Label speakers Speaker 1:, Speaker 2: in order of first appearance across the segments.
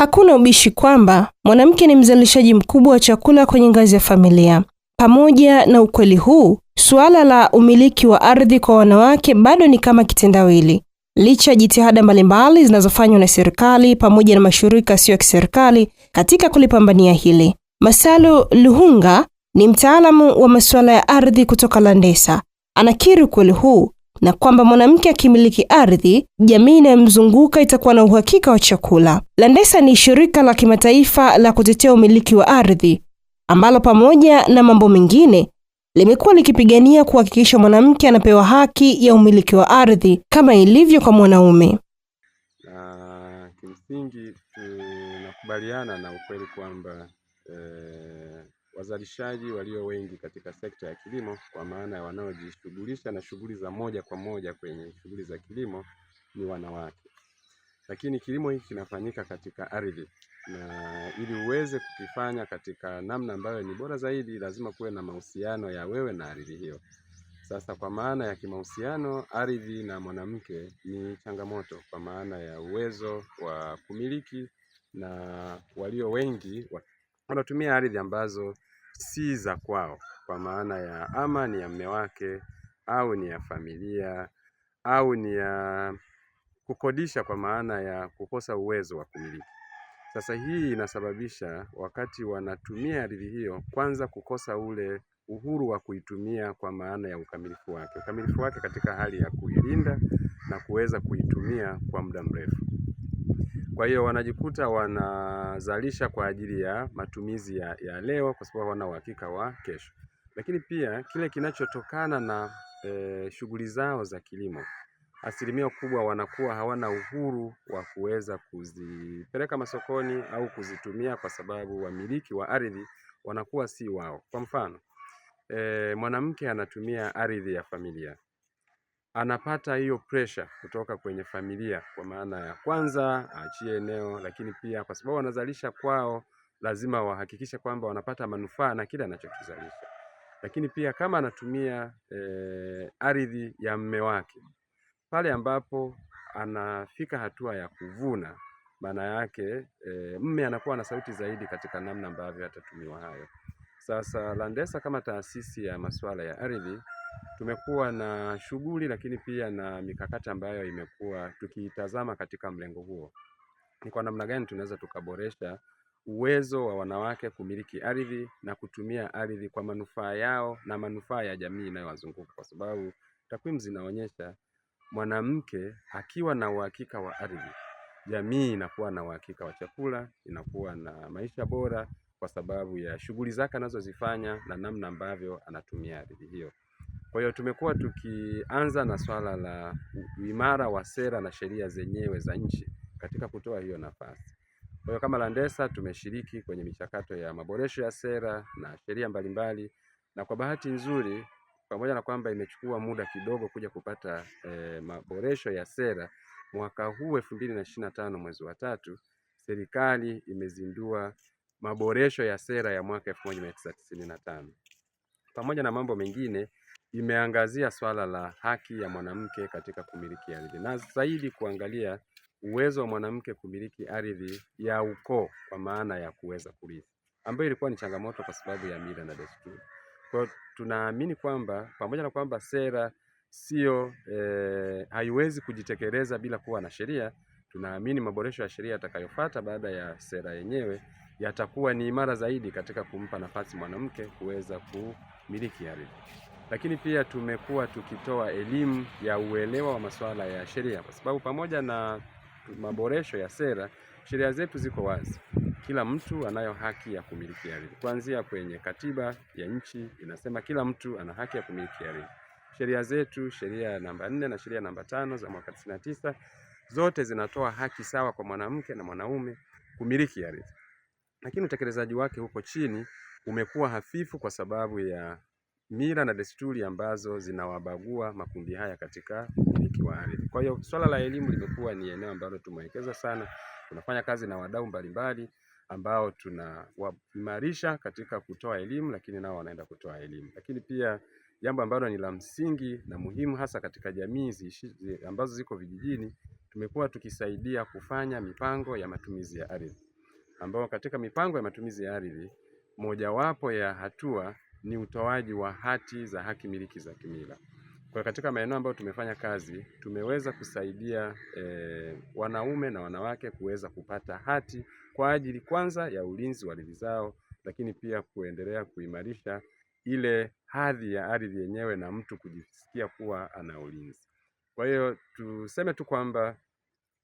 Speaker 1: Hakuna ubishi kwamba mwanamke ni mzalishaji mkubwa wa chakula kwenye ngazi ya familia. Pamoja na ukweli huu, suala la umiliki wa ardhi kwa wanawake bado ni kama kitendawili. Licha ya jitihada mbalimbali zinazofanywa na serikali pamoja na mashirika yasiyo ya kiserikali katika kulipambania hili. Masalo Luhunga ni mtaalamu wa masuala ya ardhi kutoka Landesa. Anakiri ukweli huu na kwamba mwanamke akimiliki ardhi, jamii inayomzunguka itakuwa na uhakika wa chakula. Landesa ni shirika la kimataifa la kutetea umiliki wa ardhi ambalo pamoja na mambo mengine limekuwa likipigania kuhakikisha mwanamke anapewa haki ya umiliki wa ardhi kama ilivyo kwa mwanaume.
Speaker 2: Kimsingi tunakubaliana na ukweli kwamba eh, wazalishaji walio wengi katika sekta ya kilimo, kwa maana ya wanaojishughulisha na shughuli za moja kwa moja kwenye shughuli za kilimo ni wanawake. Lakini kilimo hiki kinafanyika katika ardhi, na ili uweze kukifanya katika namna ambayo ni bora zaidi, lazima kuwe na mahusiano ya wewe na ardhi hiyo. Sasa kwa maana ya kimahusiano, ardhi na mwanamke ni changamoto, kwa maana ya uwezo wa kumiliki, na walio wengi wanatumia ardhi ambazo si za kwao, kwa maana ya ama ni ya mume wake au ni ya familia au ni ya kukodisha, kwa maana ya kukosa uwezo wa kumiliki. Sasa hii inasababisha wakati wanatumia ardhi hiyo, kwanza kukosa ule uhuru wa kuitumia kwa maana ya ukamilifu wake, ukamilifu wake katika hali ya kuilinda na kuweza kuitumia kwa muda mrefu. Kwa hiyo wanajikuta wanazalisha kwa ajili ya matumizi ya, ya leo kwa sababu hawana uhakika wa kesho. Lakini pia kile kinachotokana na e, shughuli zao za kilimo, asilimia kubwa wanakuwa hawana uhuru wa kuweza kuzipeleka masokoni au kuzitumia kwa sababu wamiliki wa ardhi wanakuwa si wao. Kwa mfano e, mwanamke anatumia ardhi ya familia anapata hiyo pressure kutoka kwenye familia, kwa maana ya kwanza aachie eneo, lakini pia kwa sababu wanazalisha kwao, lazima wahakikishe kwamba wanapata manufaa na kile anachokizalisha. Lakini pia kama anatumia e, ardhi ya mme wake, pale ambapo anafika hatua ya kuvuna, maana yake e, mme anakuwa na sauti zaidi katika namna ambavyo atatumiwa hayo. Sasa Landesa kama taasisi ya masuala ya ardhi tumekuwa na shughuli lakini pia na mikakati ambayo imekuwa tukiitazama katika mlengo huo, ni kwa namna gani tunaweza tukaboresha uwezo wa wanawake kumiliki ardhi na kutumia ardhi kwa manufaa yao na manufaa ya jamii inayowazunguka, kwa sababu takwimu zinaonyesha mwanamke akiwa na uhakika wa ardhi, jamii inakuwa na uhakika wa chakula, inakuwa na maisha bora, kwa sababu ya shughuli zake anazozifanya na namna ambavyo anatumia ardhi hiyo. Kwa hiyo tumekuwa tukianza na swala la uimara wa sera na sheria zenyewe za nchi katika kutoa hiyo nafasi. Kwa hiyo kama Landesa tumeshiriki kwenye michakato ya maboresho ya sera na sheria mbalimbali, na kwa bahati nzuri, pamoja na kwamba imechukua muda kidogo kuja kupata eh, maboresho ya sera, mwaka huu elfu mbili na ishirini na tano mwezi wa tatu serikali imezindua maboresho ya sera ya mwaka elfu moja mia tisa tisini na tano pamoja na mambo mengine imeangazia swala la haki ya mwanamke katika kumiliki ardhi na zaidi kuangalia uwezo wa mwanamke kumiliki ardhi ya ukoo kwa maana ya kuweza kurithi, ambayo ilikuwa ni changamoto kwa sababu ya mila na desturi. Kwa tunaamini kwamba pamoja na kwamba sera sio e, haiwezi kujitekeleza bila kuwa na sheria. Tunaamini maboresho ya sheria yatakayofuata baada ya sera yenyewe yatakuwa ni imara zaidi katika kumpa nafasi mwanamke kuweza kumiliki ardhi lakini pia tumekuwa tukitoa elimu ya uelewa wa masuala ya sheria, kwa sababu pamoja na maboresho ya sera, sheria zetu ziko wazi. Kila mtu anayo haki ya kumiliki ardhi, kuanzia kwenye katiba ya nchi inasema kila mtu ana haki ya kumiliki ardhi. Sheria zetu, sheria namba nne na sheria namba tano za mwaka tisini na tisa zote zinatoa haki sawa kwa mwanamke na mwanaume kumiliki ardhi, lakini utekelezaji wake huko chini umekuwa hafifu kwa sababu ya mila na desturi ambazo zinawabagua makundi haya katika umiliki wa ardhi. Kwa hiyo swala la elimu limekuwa ni eneo ambalo tumewekeza sana, tunafanya kazi na wadau mbalimbali ambao tunawaimarisha katika kutoa elimu, lakini nao wanaenda kutoa elimu. Lakini pia jambo ambalo ni la msingi na muhimu hasa katika jamii zi ambazo ziko vijijini, tumekuwa tukisaidia kufanya mipango ya matumizi ya ardhi, ambao katika mipango ya matumizi ya ardhi mojawapo ya hatua ni utoaji wa hati za haki miliki za kimila. Kwa katika maeneo ambayo tumefanya kazi tumeweza kusaidia e, wanaume na wanawake kuweza kupata hati kwa ajili kwanza ya ulinzi wa ardhi zao, lakini pia kuendelea kuimarisha ile hadhi ya ardhi yenyewe na mtu kujisikia kuwa ana ulinzi. Kwa hiyo tuseme tu kwamba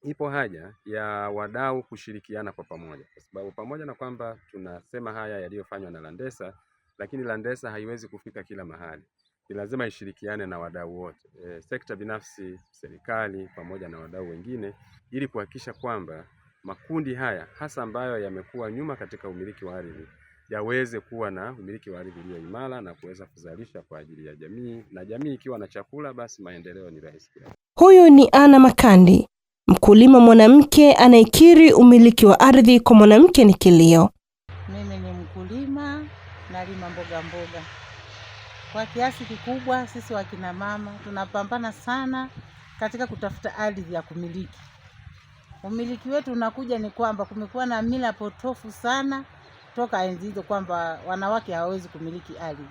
Speaker 2: ipo haja ya wadau kushirikiana kwa pamoja, kwa sababu pamoja na kwamba tunasema haya yaliyofanywa na Landesa lakini Landesa haiwezi kufika kila mahali, ni lazima ishirikiane na wadau wote e, sekta binafsi, serikali pamoja na wadau wengine, ili kuhakikisha kwamba makundi haya hasa ambayo yamekuwa nyuma katika umiliki wa ardhi yaweze kuwa na umiliki wa ardhi iliyo imara na kuweza kuzalisha kwa ajili ya jamii, na jamii ikiwa na chakula, basi maendeleo ni rahisi.
Speaker 1: Huyu ni Ana Makandi, mkulima mwanamke anayekiri umiliki wa ardhi kwa mwanamke ni kilio.
Speaker 3: mboga. Kwa kiasi kikubwa sisi wakina mama tunapambana sana katika kutafuta ardhi ya kumiliki. Umiliki wetu unakuja ni kwamba kumekuwa na mila potofu sana toka enzi hizo kwamba wanawake hawawezi kumiliki ardhi,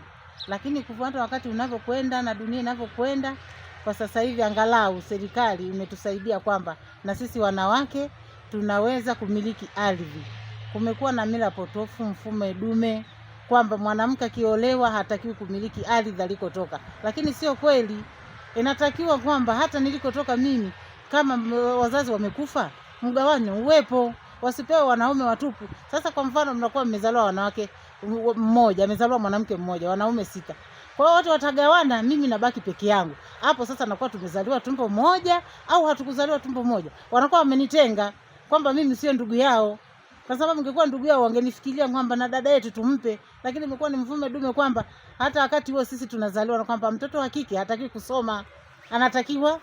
Speaker 3: lakini kufuata wakati unavyokwenda na dunia inavyokwenda kwa sasa hivi, angalau serikali imetusaidia kwamba na sisi wanawake tunaweza kumiliki ardhi. Kumekuwa na mila potofu, mfumo dume kwamba mwanamke akiolewa hatakiwi kumiliki ardhi alikotoka, lakini sio kweli. Inatakiwa kwamba hata nilikotoka mimi, kama wazazi wamekufa, mgawanyo uwepo, wasipewe wanaume watupu. Sasa kwa mfano, mnakuwa mmezaliwa wanawake mmoja, amezaliwa mwanamke mmoja, wanaume sita kwa hiyo watu watagawana, mimi nabaki peke yangu. Hapo sasa nakuwa tumezaliwa tumbo moja au hatukuzaliwa tumbo moja, wanakuwa wamenitenga kwamba mimi sio ndugu yao kwa sababu ungekuwa ndugu yao wangenifikiria kwamba na dada yetu tumpe, lakini imekuwa ni mfume dume kwamba hata wakati huo sisi tunazaliwa na kwamba mtoto wa kike hataki kusoma, anatakiwa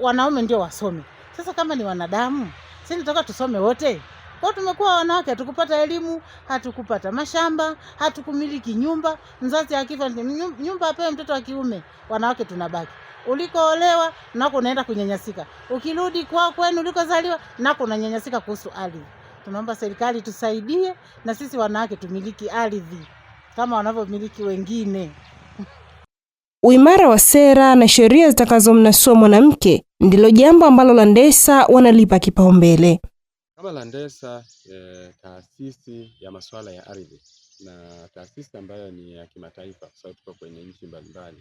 Speaker 3: wanaume ndio wasome. Sasa kama ni wanadamu, si nitaka tusome wote? Kwa tumekuwa wanawake, hatukupata elimu, hatukupata mashamba, hatukumiliki nyumba. Mzazi akifa nyumba apewe mtoto wa kiume, wanawake tunabaki ulikoolewa nako unaenda kunyanyasika, ukirudi kwa kwenu ulikozaliwa nako unanyanyasika kuhusu ardhi. Tunaomba serikali tusaidie na sisi wanawake tumiliki ardhi kama wanavyomiliki wengine.
Speaker 1: Uimara wa sera na sheria zitakazomnasua mwanamke ndilo jambo ambalo Landesa wanalipa kipaumbele.
Speaker 2: Kama Landesa eh, taasisi ya masuala ya ardhi na taasisi ambayo ni ya kimataifa kwa sababu tuko kwenye nchi mbalimbali,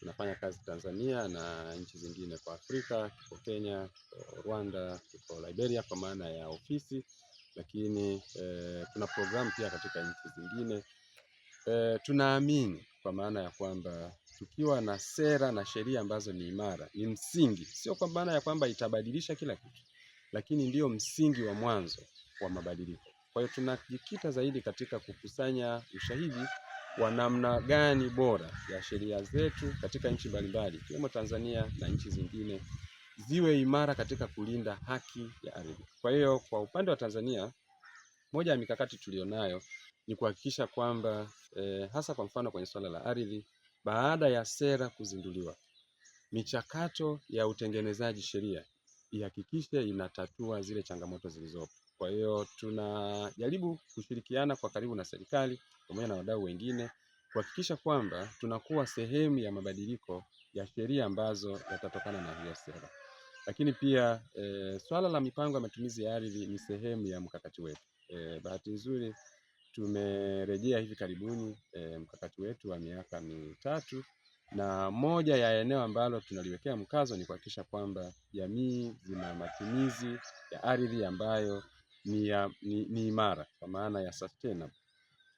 Speaker 2: tunafanya kazi Tanzania na nchi zingine kwa Afrika, tuko Kenya, tuko Rwanda, tuko Liberia kwa maana ya ofisi lakini e, kuna programu pia katika nchi zingine e, tunaamini kwa maana ya kwamba tukiwa na sera na sheria ambazo ni imara, ni msingi, sio kwa maana ya kwamba itabadilisha kila kitu, lakini ndiyo msingi wa mwanzo wa mabadiliko. Kwa hiyo tunajikita zaidi katika kukusanya ushahidi wa namna gani bora ya sheria zetu katika nchi mbalimbali ikiwemo Tanzania na nchi zingine ziwe imara katika kulinda haki ya ardhi. Kwa hiyo kwa upande wa Tanzania, moja ya mikakati tuliyonayo ni kuhakikisha kwamba eh, hasa kwa mfano kwenye suala la ardhi, baada ya sera kuzinduliwa, michakato ya utengenezaji sheria ihakikishe inatatua zile changamoto zilizopo. Kwa hiyo tunajaribu kushirikiana kwa karibu na serikali pamoja na wadau wengine kuhakikisha kwamba tunakuwa sehemu ya mabadiliko ya sheria ambazo yatatokana na hiyo sera. Lakini pia e, swala la mipango ya matumizi ya ardhi ni sehemu ya mkakati wetu. E, bahati nzuri tumerejea hivi karibuni e, mkakati wetu wa miaka mitatu na moja ya eneo ambalo tunaliwekea mkazo ni kuhakikisha kwamba jamii zina matumizi ya ardhi ambayo ni, ya, ni, ni imara kwa maana ya sustainable.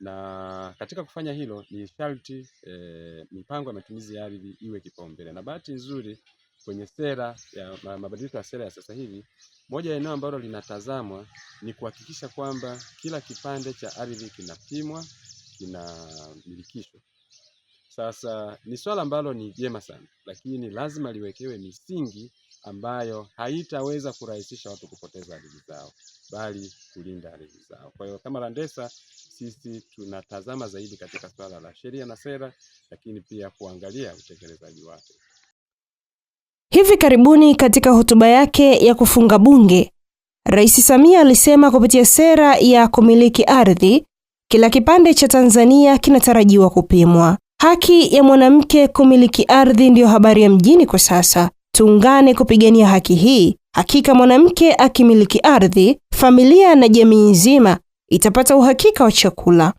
Speaker 2: Na katika kufanya hilo ni sharti e, mipango ya matumizi ya ardhi iwe kipaumbele na bahati nzuri kwenye sera ya mabadiliko ya sera ya sasa hivi, moja ya eneo ambalo linatazamwa ni kuhakikisha kwamba kila kipande cha ardhi kinapimwa, kinamilikishwa. Sasa ni swala ambalo ni jema sana, lakini lazima liwekewe misingi ambayo haitaweza kurahisisha watu kupoteza ardhi zao, bali kulinda ardhi zao. Kwa hiyo kama Landesa sisi tunatazama zaidi katika swala la sheria na sera, lakini pia kuangalia utekelezaji wake.
Speaker 1: Hivi karibuni katika hotuba yake ya kufunga bunge, Rais Samia alisema kupitia sera ya kumiliki ardhi, kila kipande cha Tanzania kinatarajiwa kupimwa. Haki ya mwanamke kumiliki ardhi ndiyo habari ya mjini kwa sasa. Tuungane kupigania haki hii. Hakika mwanamke akimiliki ardhi, familia na jamii nzima itapata uhakika wa chakula.